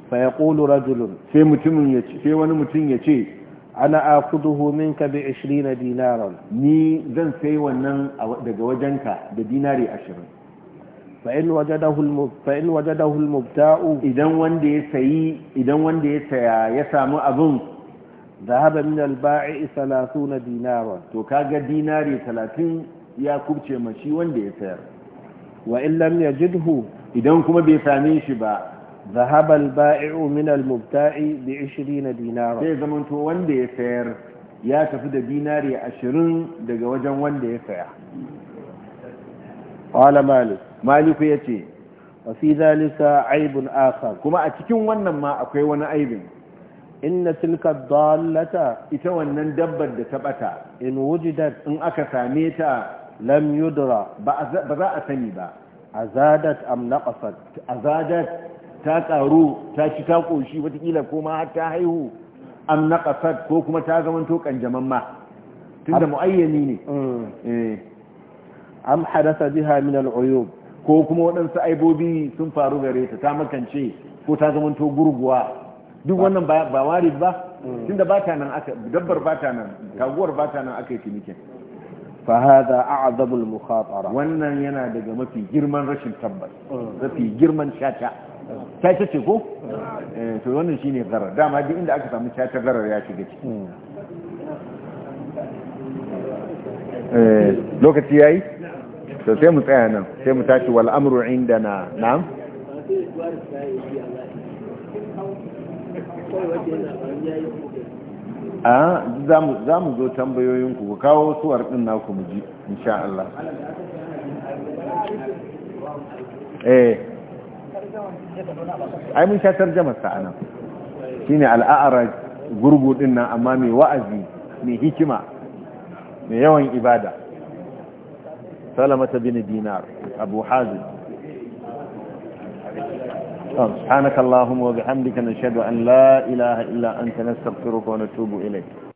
fa yaqulu rajulun sai mutumin ya ce sai wani mutum ya ce ana akuduhu minka bi 20 dinaran ni zan sai wannan daga wajenka da dinari 20 fa'in wajadahu al-mubta'u idan wanda ya sayi idan wanda ya saya ya samu abin zahaba min al-ba'i na dinara to kaga dinari talatin ya kubce mashi wanda ya sayar wa in lam yajidhu idan kuma bai same shi ba zahaba al-ba'i'u min al-mubta'i bi 20 dinara sai zaman to wanda ya sayar ya tafi da dinari ashirin daga wajen wanda ya saya qala malik ya ce wa fi zalika aibun akhar kuma a cikin wannan ma akwai wani aibin inna tilka dallata ita wannan dabbar da ta bata in wujidat in aka same ta lam yudra ba za a sani ba azadat am naqasat azadat ta karu ta ci ta koshi watakila kuma har ta haihu am naqasat ko kuma ta zamanto kanjaman ma tunda muayyani ne mm. eh. am hadasa biha min al'uyub ko kuma waɗansu aibobi sun faru gare ta ta makance ko ta zamanto gurguwa duk wannan ba wari ba mm. tunda ba ta nan aka dabbar ba ta nan taguwar ba ta nan aka yi cinikin fa hada a'zabul mukhatara wannan yana daga mafi girman rashin tabbas mm. mafi girman shata shata mm. ce ko eh, to wannan shine zarar dama duk inda aka samu shata zarar ya shiga ciki eh, lokaci yayi to sai mu tsaya nan sai mu tashi wal amru indana na'am a za mu zo tambayoyinku ku kawo suwar ɗin naku mu ji insha Allah eh ai mun sha sa anan shine al'a'ara gurgu din nan amma mai wa'azi mai hikima mai yawan ibada سلمة بن دينار أبو حازم سبحانك اللهم وبحمدك نشهد أن لا إله إلا أنت نستغفرك ونتوب إليك